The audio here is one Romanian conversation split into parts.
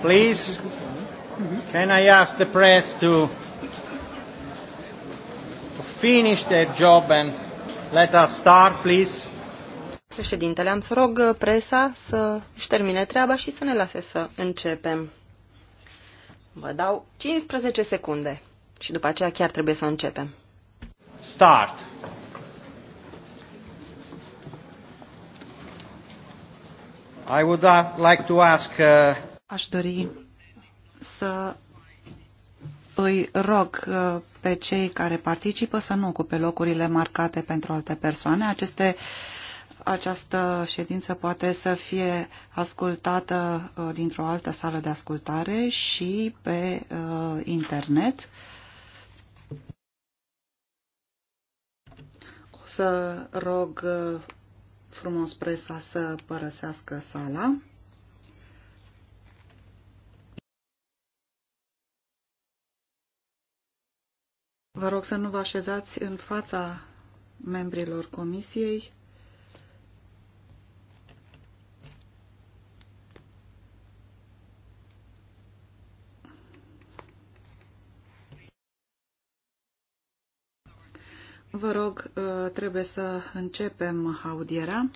Please, can I ask the press to, to finish their job and let us start, please? Președintele, am să rog uh, presa să își termine treaba și să ne lase să începem. Vă dau 15 secunde și după aceea chiar trebuie să începem. Start! I would uh, like to ask, uh... Aș dori să îi rog uh, pe cei care participă să nu ocupe locurile marcate pentru alte persoane. Aceste, această ședință poate să fie ascultată uh, dintr-o altă sală de ascultare și pe uh, internet. O să rog frumos presa să părăsească sala. Vă rog să nu vă așezați în fața membrilor comisiei. Vă rog, uh, trebuie să începem audierea.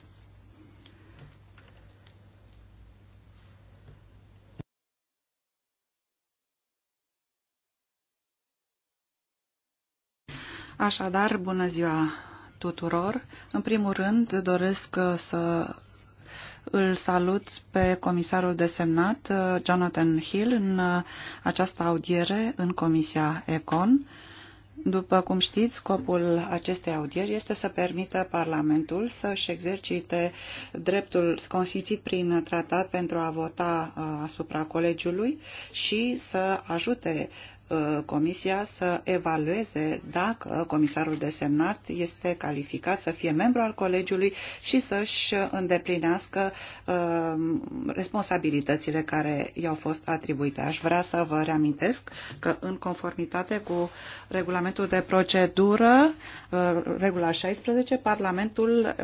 Așadar, bună ziua tuturor. În primul rând, doresc uh, să îl salut pe comisarul desemnat, uh, Jonathan Hill, în această audiere în Comisia ECON. După cum știți, scopul acestei audieri este să permită Parlamentul să-și exercite dreptul consițit prin tratat pentru a vota uh, asupra colegiului și să ajute Uh, comisia să evalueze dacă comisarul desemnat este calificat să fie membru al colegiului și să-și îndeplinească uh, responsabilitățile care i-au fost atribuite. Aș vrea să vă reamintesc că în conformitate cu regulamentul de procedură, uh, regula 16, Parlamentul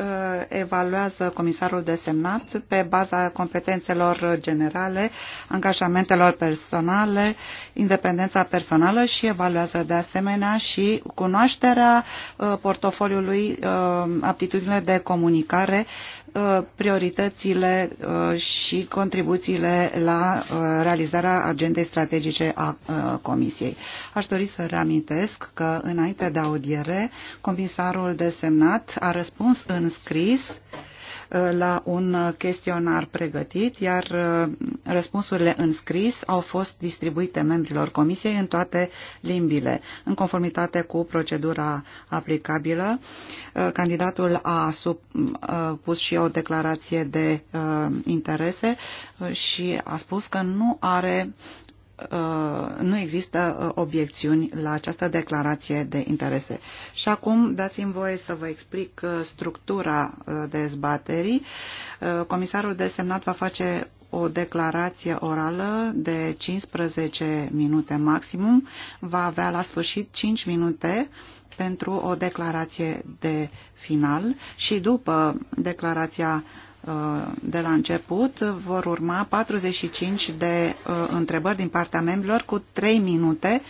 evaluează comisarul desemnat pe baza competențelor generale, angajamentelor personale, independența personală, personală și evaluează de asemenea și cunoașterea uh, portofoliului, uh, aptitudinile de comunicare, uh, prioritățile și contribuțiile la realizarea agendei strategice a Comisiei. Aș dori să reamintesc că înainte de audiere, comisarul desemnat a răspuns în scris Uh, la un uh, chestionar pregătit, iar uh, răspunsurile în scris au fost distribuite membrilor comisiei în toate limbile. În conformitate cu procedura aplicabilă, candidatul a pus și o declarație de interese și a spus că nu are Uh, nu există uh, obiecțiuni la această declarație de interese. Și acum dați-mi voie să vă explic uh, structura dezbaterii. Comisarul desemnat va face o declarație orală de 15 minute maximum. Va avea la sfârșit 5 minute pentru o declarație de final și după declarația uh, Uh, de la început. Vor urma 45 de uh, întrebări din partea membrilor cu 3 minute,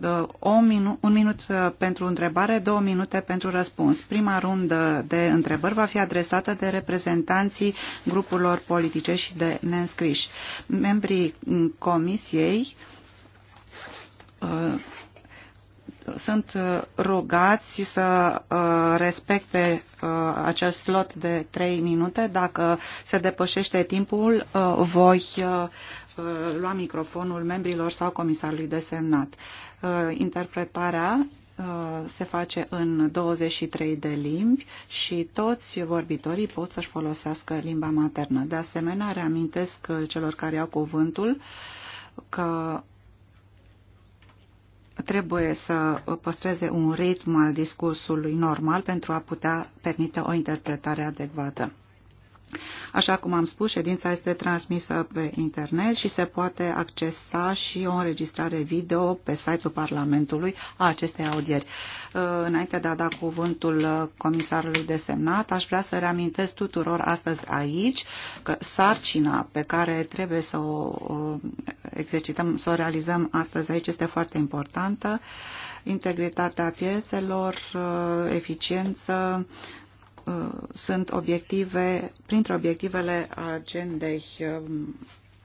uh, o minu un minut pentru întrebare, două minute pentru răspuns. Prima rundă de întrebări va fi adresată de reprezentanții grupurilor politice și de neînscriși. Membrii comisiei sunt uh, rugați să uh, respecte uh, acest slot de 3 minute. Dacă se depășește timpul, voi lua microfonul membrilor sau comisarului desemnat. Interpretarea se face în 23 de limbi și toți vorbitorii pot să-și folosească limba maternă. De asemenea, reamintesc celor care au cuvântul că trebuie să păstreze un ritm al discursului normal pentru a putea permite o interpretare adecvată. Așa cum am spus, ședința este transmisă pe internet și se poate accesa și o înregistrare video pe site-ul Parlamentului a acestei audieri. Uh, înainte de a da cuvântul comisarului desemnat, aș vrea să reamintesc tuturor astăzi aici că sarcina pe care trebuie să o exercităm, să o realizăm astăzi aici este foarte importantă integritatea piețelor, uh, eficiență, Uh, sunt obiective, printre obiectivele agendei um,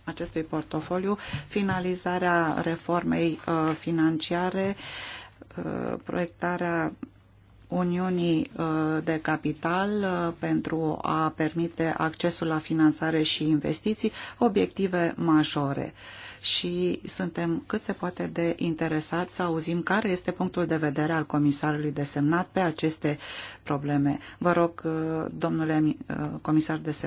acestui portofoliu, finalizarea reformei uh, financiare, uh, proiectarea Uniunii uh, de Capital uh, pentru a permite accesul la finanțare și investiții, obiective majore. Și suntem cât se poate de interesați să auzim care este punctul de vedere al comisarului desemnat pe aceste probleme. Vă rog, uh, domnule comisar desemnat.